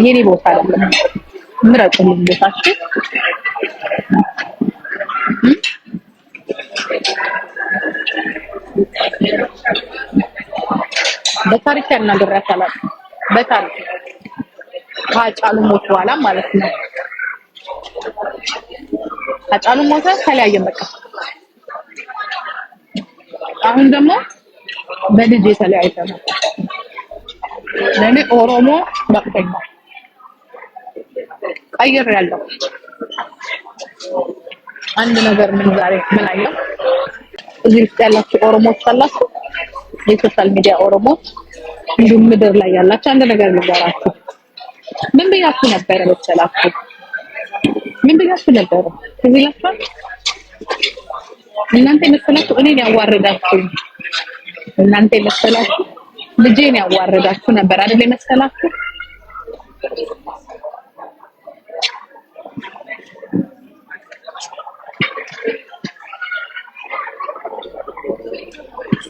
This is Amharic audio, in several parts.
ይሆናል። የኔ ቦታ አይደለም። ምረጡልኝ ቦታችሁ። በታሪክ ያናገራት አላውቅም። በታሪክ ከአጫሉ ሞት በኋላ ማለት ነው። አጫሉ ሞተ፣ ተለያየን በቃ። አሁን ደግሞ በልጅ የተለያየ የተለያይተናል። ለእኔ ኦሮሞ በቅተኛል። ቀይር ያለው አንድ ነገር ምን ዛሬ ምን አየው እዚህ ውስጥ ያላችሁ ኦሮሞዎች አላችሁ፣ የሶሻል ሚዲያ ኦሮሞዎች እንዲሁም ምድር ላይ ያላችሁ አንድ ነገር ልንገራችሁ። ምን ብያችሁ ነበረ መሰላችሁ? ምን ብያችሁ ነበረ ትዝ ይላችኋል? እናንተ የመሰላችሁ እኔን ያዋረዳችሁ እናንተ የመሰላችሁ ልጄን ያዋረዳችሁ ነበር አይደል የመሰላችሁ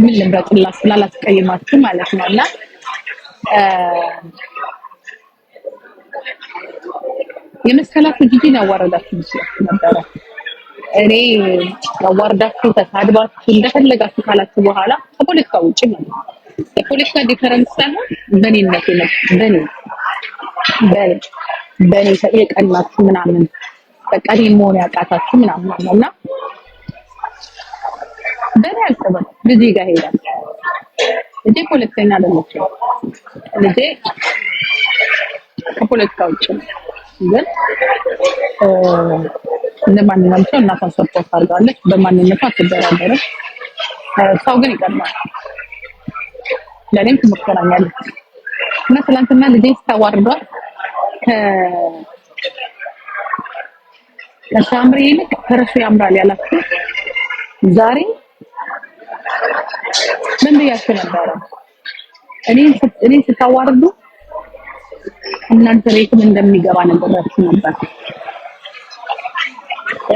ምን ልምረጥላችሁ ብላ ላትቀይማችሁ ማለት ነው እና የመሰላችሁ ጂጂን ያዋረዳችሁ መስላችሁ ነበረ። እኔ ያዋርዳችሁ ተሳድባችሁ እንደፈለጋችሁ ካላችሁ በኋላ ከፖለቲካ ውጭ ማለት ነው የፖለቲካ ዲፈረንስ ሳይሆን በኔነት ነው በኔ በኔ በኔ የቀናችሁ ምናምን በቃ እኔ መሆን ያቃታችሁ ምናምን ነው እና በኔ አልተባል ልጄ ጋር ሄዳ ልጄ ፖለቲከኛ አይደለችም። ልጄ ከፖለቲካ ውጭ ግን ለማንኛውም ሰው እናቷን ሰፖርት አድርጋለች። በማንነቷ አትደራደርም። ሰው ግን ይቀድማል። ለእኔም ትምህርት ሆናኛለች እና ትናንትና ልጄ ተዋርዷል ከሳምሪ ይልቅ ፈረሱ ያምራል ያላችሁ ዛሬ ምን ብያችሁ ነበረ? እኔ ስታዋርዱ እናንተ ቤትም እንደሚገባ ነገራችሁ ነበር።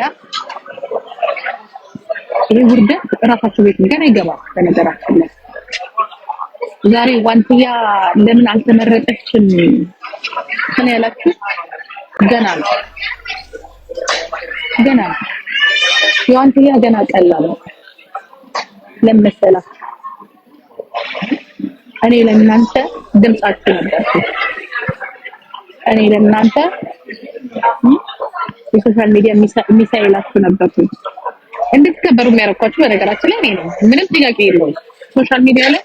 ያ ይሄ ውርደት እራሳችሁ ቤት ገና አይገባም። በነገራችን ላይ ዛሬ ዋንትያ ለምን አልተመረጠችም ስለ ያላችሁ ገና ነው ገና ነው የዋንትያ ገና ቀላል ነው እኔ ለእናንተ ድምጻችሁ ነበርኩ። እኔ ለእናንተ የሶሻል ሚዲያ ሚሳይላችሁ ነበርኩ። እንድትከበሩ የሚያረኳችሁ በነገራችን ላይ እኔ ነው። ምንም ጥያቄ የለውም። ሶሻል ሚዲያ ላይ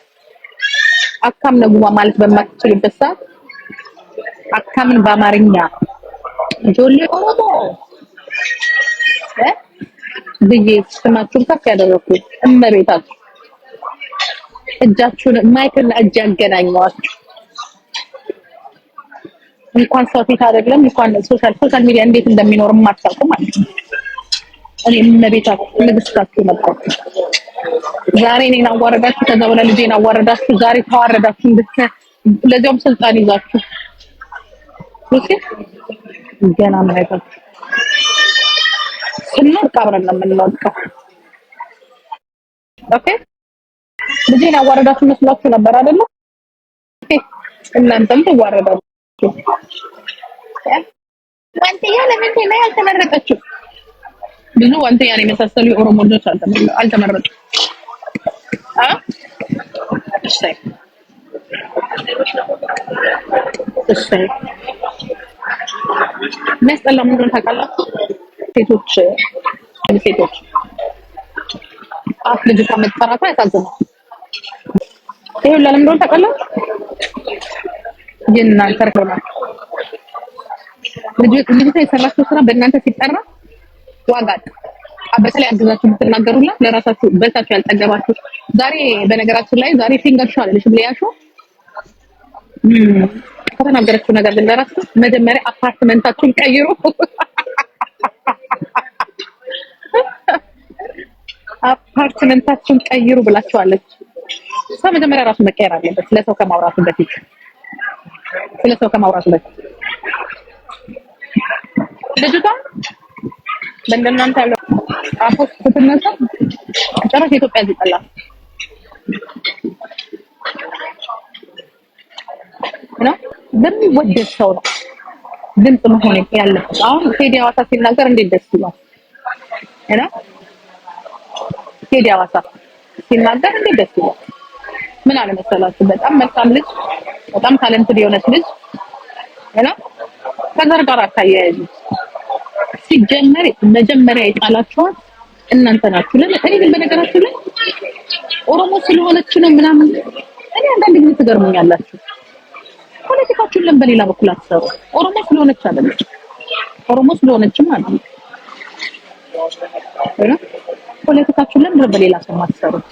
አካም ነጉማ ማለት በማትችልበት ሰዓት አካምን በአማርኛ ጆሌ ኦሮሞ ብዬ ስማችሁን ከፍ ያደረኩ እመቤታችሁ እጃችሁን ማይክና እጅ ያገናኘዋችሁ። እንኳን ሰው ፊት አይደለም እንኳን ሶሻል ሶሻል ሚዲያ እንዴት እንደሚኖር ማታውቁ ማለት ነው። እኔ እመቤታችሁ ንግስታችሁ ዛሬ እኔን አዋረዳችሁ፣ ከዛ በኋላ ልጄን አዋረዳችሁ። ዛሬ ተዋረዳችሁ፣ እንድት ለዚያውም ስልጣን ይዛችሁ ኦኬ። ገና ምን ስንወድቅ አብረን ነው የምንወድቀው። ኦኬ ልጄን ያዋረዳችሁ መስሏችሁ ነበር አይደለ? እናንተም ትዋረዳችሁ። ዋንትያ ለምንድን ነው ያልተመረጠችው? ብዙ ዋንትያን የመሳሰሉ የኦሮሞ ልጆች አልተመረጡም። የሚያስጠላ ምንድን ታውቃላችሁ? ሴቶች ሴቶች አፍ ልጅ መጠራቷ ያሳዝናል። ይሄ ለምን እንደሆነ ታውቃለህ? የእናንተ ተርከውና ልጅቷ የሰራችሁ ስራ በእናንተ ሲጠራ ዋጋ በተለይ አግዛችሁ ብትናገሩላ ለራሳችሁ በልታችሁ ያልጠገባችሁ። ዛሬ በነገራችን ላይ ዛሬ ፊንገር ሾ አለልሽ ብለያሹ ከተናገረችው ነገር ግን ለራሱ መጀመሪያ አፓርትመንታችሁን ቀይሩ። አፓርትመንታችሁን ቀይሩ ብላችኋለች። ሰው መጀመሪያ ራሱ መቀየር አለበት። ስለሰው ከማውራቱ በፊት ስለሰው ከማውራቱ በፊት ልጅቷ በእንደናንተ ያለው አፖስት ስትነሳ ጭራሽ የኢትዮጵያ ሕዝብ ጠላት ነው። በሚወደድ ሰው ነው ድምፅ መሆን ያለበት። አሁን ቴዲ ሐዋሳ ሲናገር እንዴት ደስ ይላል እና ቴዲ ሐዋሳ ሲናገር እንዴት ደስ ይላል። ምን አለመሰላችሁ በጣም መልካም ልጅ፣ በጣም ታለንትድ የሆነች ልጅ እና ከዘር ጋር አታያይዙ። ሲጀመር መጀመሪያ የጣላችኋት እናንተ ናችሁ። ለምን እኔ ግን በነገራችሁ ላይ ኦሮሞ ስለሆነች ነው ምናምን። እኔ አንዳንድ ጊዜ ትገርሙኛላችሁ። ፖለቲካችሁን ለምን በሌላ በኩል አትሰሩ? ኦሮሞ ስለሆነች አለ ኦሮሞ ስለሆነችም ማለት ነው። ፖለቲካችሁን ለምን በሌላ ሰው አትሰሩት?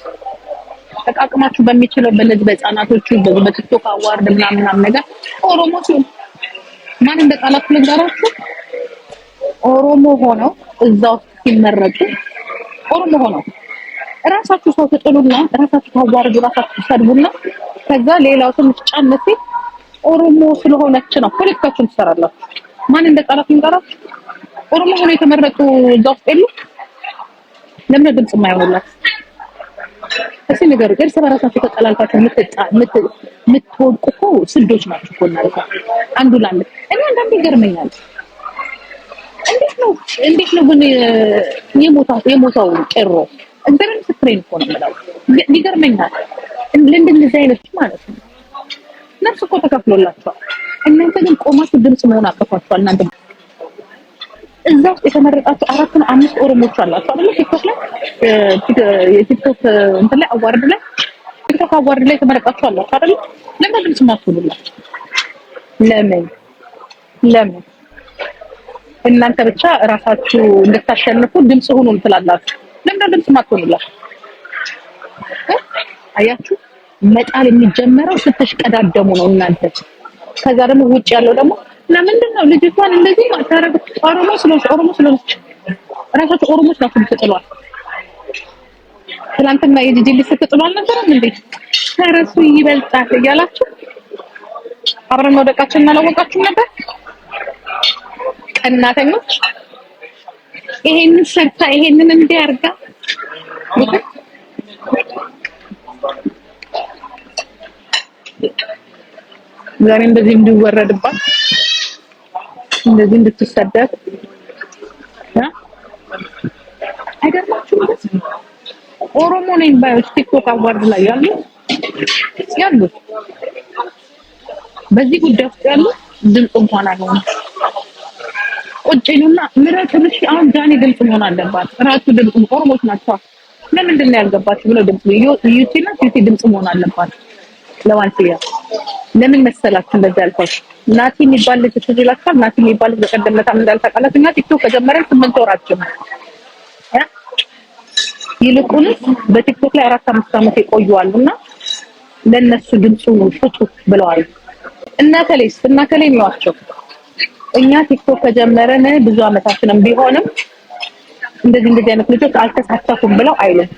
ተቃቅማችሁ በሚችለው በነዚህ በህፃናቶቹ በቲክቶክ አዋርድ ምናምን ምናምን ነገር ኦሮሞ ሲሆን ማን እንደ ቃላት ልንገራችሁ፣ ኦሮሞ ሆነው እዛ ውስጥ ሲመረጡ ኦሮሞ ሆነው እራሳችሁ ሰው ትጥሉና እራሳችሁ ታዋርዱ፣ እራሳችሁ ትሰድቡና ከዛ ሌላው ትንሽ ጫነሴ ኦሮሞ ስለሆነች ነው ፖለቲካችሁን ትሰራላችሁ። ማን እንደ ቃላት ልንገራችሁ፣ ኦሮሞ ሆነው የተመረጡ እዛ ውስጥ የሉ። ለምን ድምጽ የማይሆንላችሁ? እስኪ ንገሩ። እርስ በራሳችሁ ተጠላልፋችሁ የምትወድቁ እኮ ስልዶች ናችሁ እኮ እናንተ። አንዱ ለአንድ እኔ አንዳንዴ ይገርመኛል። እንዴት ነው እንዴት ነው ግን የሞታው የሞታው ጭሮ እንደምን ምስክሬን እኮ ነው የምለው፣ ይገርመኛል። ለእንደዚህ አይነቱ ማለት ነው ነፍስ እኮ ተከፍሎላቸዋል። እናንተ ግን ቆማችሁ ድምፅ መሆን አቅቷችኋል እናንተ እዛ ውስጥ የተመረጣቸው አራትና አምስት ኦሮሞች አላቸ አይደለ? ቲክቶክ ላይ የቲክቶክ እንትን ላይ አዋርድ ላይ ቲክቶክ አዋርድ ላይ የተመረጣቸው አላችሁ አይደለ? ለምን ድምጽ ማትሆኑላችሁ? ለምን ለምን እናንተ ብቻ እራሳችሁ እንድታሸንፉ ድምጽ ሁኑ እንትላላችሁ? ለምን ድምጽ ማትሆኑላችሁ? አያችሁ፣ መጣል የሚጀመረው ስትሽቀዳደሙ ነው እናንተ። ከዛ ደግሞ ውጭ ያለው ደግሞ ለምንድን ነው ልጅቷን እንደዚህ ማታረጉ? ኦሮሞ ስለሆነች ኦሮሞ ስለሆነች ራሳቸው ኦሮሞች ናቸው የምትጥሏል። ትናንትና የጂጂ ልጅ ስትጥሉ አልነበረም እንዴ? ከእረሱ ይበልጣል እያላችሁ አብረን መውደቃችን አላወቃችሁም ነበር? ቀናተኞች። ይሄንን ሰርታ ይሄንን እንዲያርጋ ዛሬ እንደዚህ እንዲወረድባት እንደዚህ እንድትሰደብ አይገርማችሁም? ኦሮሞ ነኝ ባዮች ቲክቶክ አዋርድ ላይ ያሉ ያሉ በዚህ ጉዳይ ውስጥ ያሉ ድምፅ እንኳን አልሆነ ቁጭ ይሉና ምረጡን። አሁን ጃኔ ድምፅ መሆን አለባት። ራሱ ድምፅ ኦሮሞች ናቸው ለምንድን ነው ያልገባችሁ ብለው ድምፅ ዩቲ ዩቲ ድምፅ መሆን አለባት ለዋንትያ ለምን መሰላችሁ እንደዛ ያልኳችሁ? ናቲ የሚባል ልጅ ትዝ ይላችኋል? ናቲ የሚባል ልጅ በቀደም ዕለታም እንዳልታውቃላችሁ እኛ ቲክቶክ ከጀመረን ስምንት ወራችን ይልቁንስ በቲክቶክ ላይ አራት አምስት ዓመት የቆዩ አሉና ለነሱ ድምፁ ፍጡ ብለዋል። እና ከሌስ እና ከሌ የሚዋቸው እኛ ቲክቶክ ከጀመረን ብዙ አመታችንም ቢሆንም እንደዚህ እንደዚህ አይነት ልጆች አልተሳተፉም ብለው አይሉም።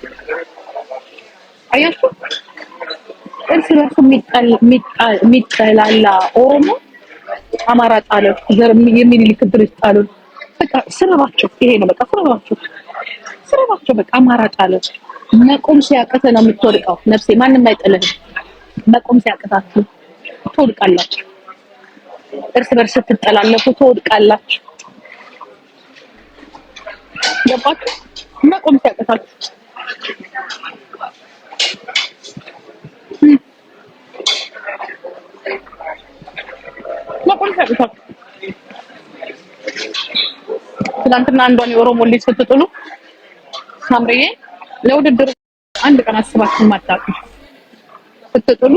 አያችሁ እርስ በርሱ የሚጠላላ ኦሮሞ አማራ ጣለው፣ ዘር የሚኒሊክ ብርጅ ጣለው። በቃ ስረባቸው ይሄ ነው። በቃ ስረባቸው ስረባቸው በቃ አማራ ጣለው። መቆም ሲያቅት ነው የምትወድቀው ነፍሴ። ማንም አይጥልህም። መቆም ሲያቅታችሁ ትወድቃላችሁ። እርስ በርስ ስትጠላለፉ ትወድቃላችሁ። ገባችሁ? መቆም ሲያቅታችሁ ትናንትና አንዷን የኦሮሞ ልጅ ስትጥሉ ሳምሪዬ ለውድድር አንድ ቀን አስባችሁ ማጣቁ ስትጥሉ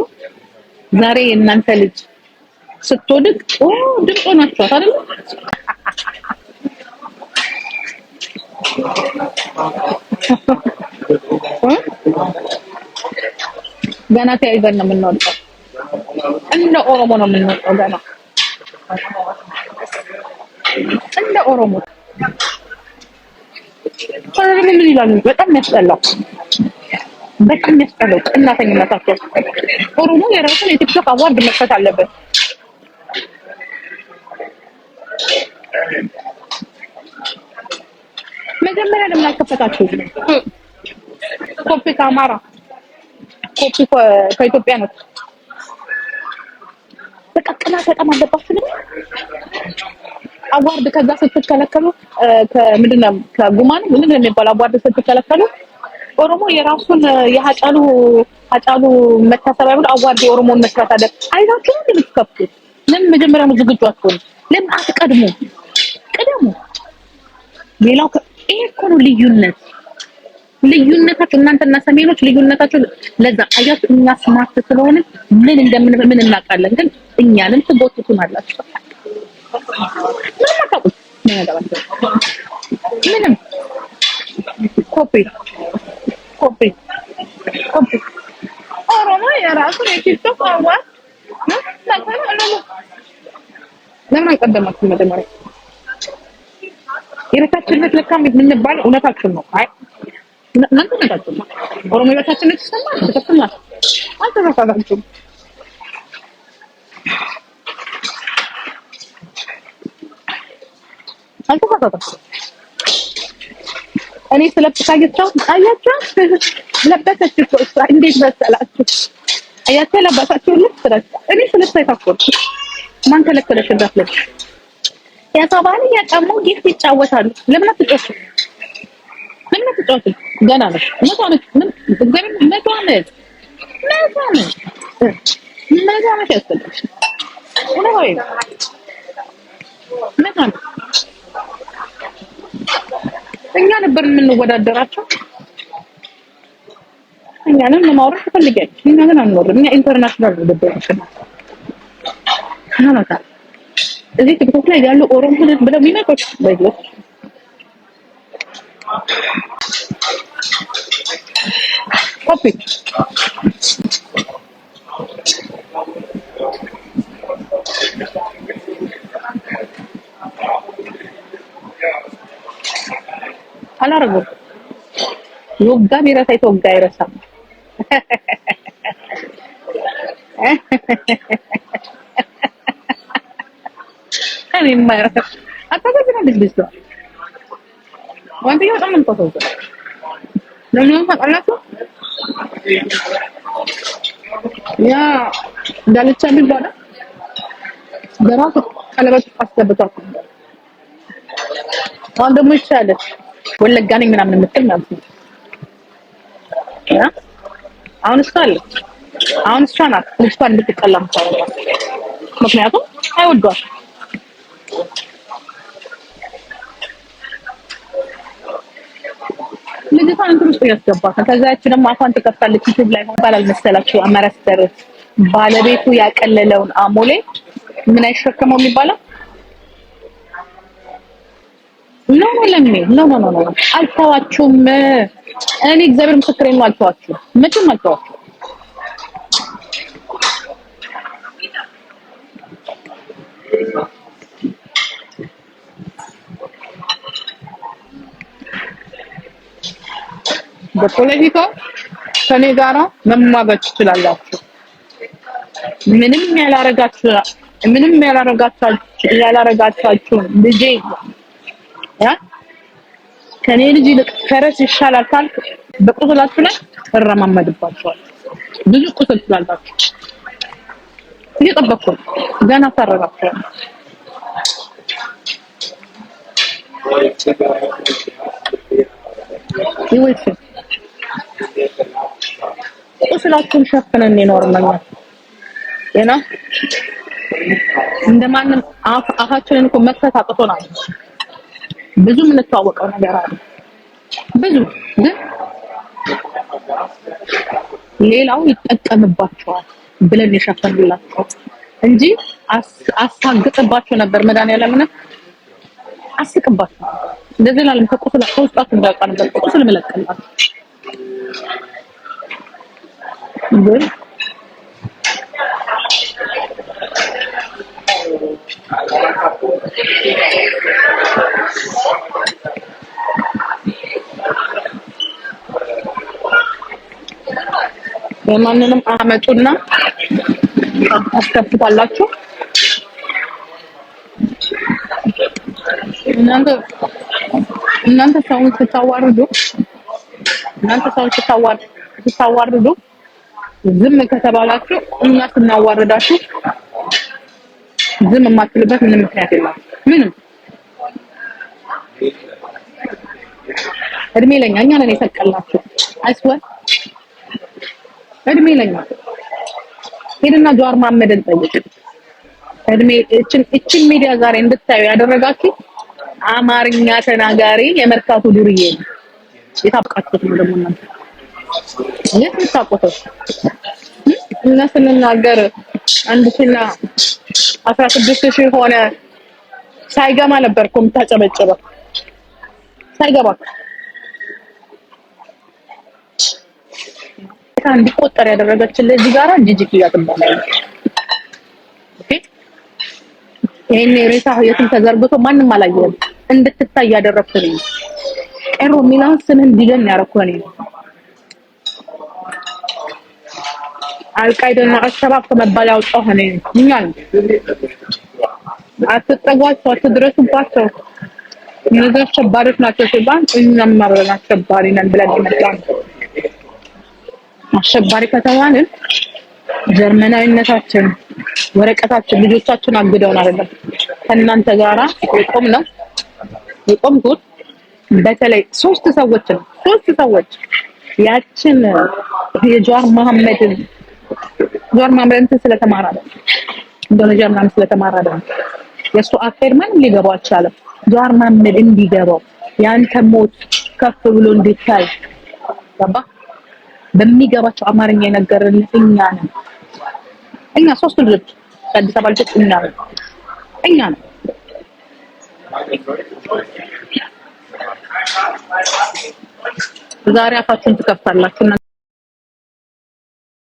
ዛሬ የእናንተ ልጅ ስትወድቅ ኦ ድምፅ ሆናችኋት አይደል? ገና ተያይዘን ነው የምንወድቀው። እንደ ኦሮሞ ነው የምንወድቀው። ገና እንደ ኦሮሞ ከረም ምን ይላሉ? በጣም ያስጠላው፣ በጣም ያስጠላው እናተኝነታቸው። ኦሮሞ የራሱን የቲክቶክ አዋርድ መክፈት አለበት። መጀመሪያ ለምን አልከፈታችሁ? ኮፒ ከአማራ ኮፒ ከኢትዮጵያ ነው። በቃ ቅናት በጣም አለባችሁ። አዋርድ ከዛ ስትከለከሉ ከምንድን ነው ከጉማን ምንድን ነው የሚባለው አዋርድ ስትከለከሉ ኦሮሞ የራሱን የሀጫሉ ሀጫሉ መታሰቢያ ብሎ አዋርድ የኦሮሞን መስራት አለ። አይታችሁ ምን የምትከፍቱት። ለምን መጀመሪያ ነው ዝግጁ አትሆኑ? ለምን አትቀድሙ? ቅደሙ። ሌላው ይሄ እኮ ነው ልዩነት። ልዩነታችሁ እናንተና ሰሜኖች ልዩነታችሁ ለዛ አያችሁ። እኛ ስማርት ስለሆነ ምን እንደምን ምን እናውቃለን፣ ግን እኛንም ትጎትቱን አላችሁ። ምንም ምንም ኮፒ ኮፒ ኮፒ ኦሮሞ የራሱ የቲክቶክ አዋጅ ለምን አልቀደማችሁም? መጀመሪያ የበታችነት ለካም የምንባለው እውነታችን ነው። አይ እናንተ ናችሁ። ኦሮሞ የበታችን ነች ይሰማል። ተከፍተና አልተረሳላችሁም። እኔ ለበሰች እኮ እሷ። እንዴት መሰላችሁ? ልብስ እኔ ማን ከለከለሽ? ይጫወታሉ። ለምን አትጫወቱ? ምን ምትጫወት ገና ነው። መቶ ምን እግዚአብሔር መቶ ዓመት መቶ ዓመት መቶ ዓመት ያስፈልግሽ ነው ወይ መቶ ዓመት እኛ ነበር የምንወዳደራቸው። እኛንም ለማውራት ትፈልጊያለሽ። እኛ ግን አንኖርም። እኛ ኢንተርናሽናል ነው ደበቅሽና ናናታ እዚህ ቲክቶክ ላይ ያሉ ኦሮሞ ብለው የሚመጡት በዚህ Copy. አላረጉም። የወጋ ቢረሳ የተወጋ አይረሳም። አታሳዝናለች ልጅቷ። ዋንትዬ በጣም ነው የምታሳዝነው። ለምን ሆነ ያ ዳልቻ የሚባለው በራሱ ቀለበት አስገብቷት አሁን ደግሞ ይቻለች ወለጋ ነኝ ምናምን የምትል ማለት ነው። አሁን እሷ አለች። አሁን እሷ ናት ልጅቷን እንድትጠላ ምታወራ። ምክንያቱም አይወዷት ልጅቷ እንትን ውስጥ ያስገባታል። ከዛ ያቺ ደግሞ አፏን ትከፍታለች። ዩቲዩብ ላይ ሆን ባላል መሰላችሁ አመረስተር ባለቤቱ ያቀለለውን አሞሌ ምን አይሸከመው የሚባለው ኖ ኖ ለሚ ኖ ኖ ኖ አልተዋችሁም። እኔ እግዚአብሔር ምስክሬ ነው። አልተዋችሁም፣ መቼም አልተዋችሁም። በፖለቲካ ከኔ ጋራ መሟገት ትችላላችሁ። ምንም ያላረጋችሁ ምንም ያላረጋችሁ ያላረጋችሁ ልጄ ያ ከኔ ልጅ ይልቅ ፈረስ ይሻላል ካልክ በቁስላችሁ ላይ እረማመድባችኋል። ብዙ ቁስል ስላላችሁ እየጠበቅኩ ገና ታረጋችኋል። ይወይስ ቁስላችን ሸፍነን ይኖርናል። የና እንደማንም አፋችንን እኮ መክፈት አቅቶናል። ብዙ የምንተዋወቀው ነገር አለ ብዙ ግን ሌላው ይጠቀምባቸዋል ብለን የሸፈንላቸው እንጂ አሳግጥባቸው ነበር። መድኃኒዓለም አስቅባቸው እንደዚህ ላለም ከቁስል ከውስጣችሁ እንዳይወጣ ነበር ቁስል ምለቅላችሁ ግን የማንንም አመጡና አስከፍታላችሁ። እናንተ እናንተ ሰውን ስታዋርዱ እናንተ ሰውን ስታዋርዱ ዝም ከተባላችሁ እኛ ስናዋረዳችሁ ዝም የማትሉበት ምንም ምክንያት የለም። ምንም እድሜ ለኛ እኛ ነን የሰቀልናችሁ። አይስወር እድሜ ለኛ ሄድና ጀዋር መሐመድን ጠይቅ። እድሜ እችን እችን ሚዲያ ዛሬ እንድታዩ ያደረጋችሁ አማርኛ ተናጋሪ የመርካቱ ዱርዬ ነው የታብቃችሁት ነው ደግሞ እናንተ የት የምታውቁት እና ስንናገር አንድ ሺና አስራ ስድስት ሺህ ሆነ ሳይገባ ነበር እኮ የምታጨበጭበው ሳይገባ እንዲቆጠር ያደረገችን ለዚህ ጋራ ጂጂኪያ ትባላለች። ይሄኔ ሬሳ የትም ተዘርግቶ ማንም አላየውም። እንድትታይ ያደረኩት ቀሮ የሚለውን ስም እንዲገን ያደረኩት ነው። አልቃይዳና አሸባብ ከመባል ያውጣው ሆነ እኛን አትጠጓቸው፣ አትድረሱባቸው። እነዚህ አሸባሪዎች ናቸው ሲባል እኛም አብረን አሸባሪ ነን ብለን ይመጣል። አሸባሪ ከተባልን ጀርመናዊነታችን ወረቀታችን ልጆቻችን አግደውን አይደለም ከእናንተ ጋራ የቆም ነው የቆም ጉድ በተለይ ሶስት ሰዎች ነው ሶስት ሰዎች ያችን የጃዋር መሐመድን ጆርማን በእንትን ስለተማራ ነው ኢንዶኔዥያ ምናምን ስለተማራ ነው። የእሱ አፌር ማንም ሊገባው አልቻለም። ጃር መሀመድ እንዲገባው ያንተ ሞት ከፍ ብሎ እንዲታይ ገባ። በሚገባቸው አማርኛ የነገርን እኛ ነን። እኛ ሶስቱ ልጆች ከአዲስ አበባ ልጆች እኛ ነን። እኛ ነን። ዛሬ አፋችሁን ትከፍታላችሁ።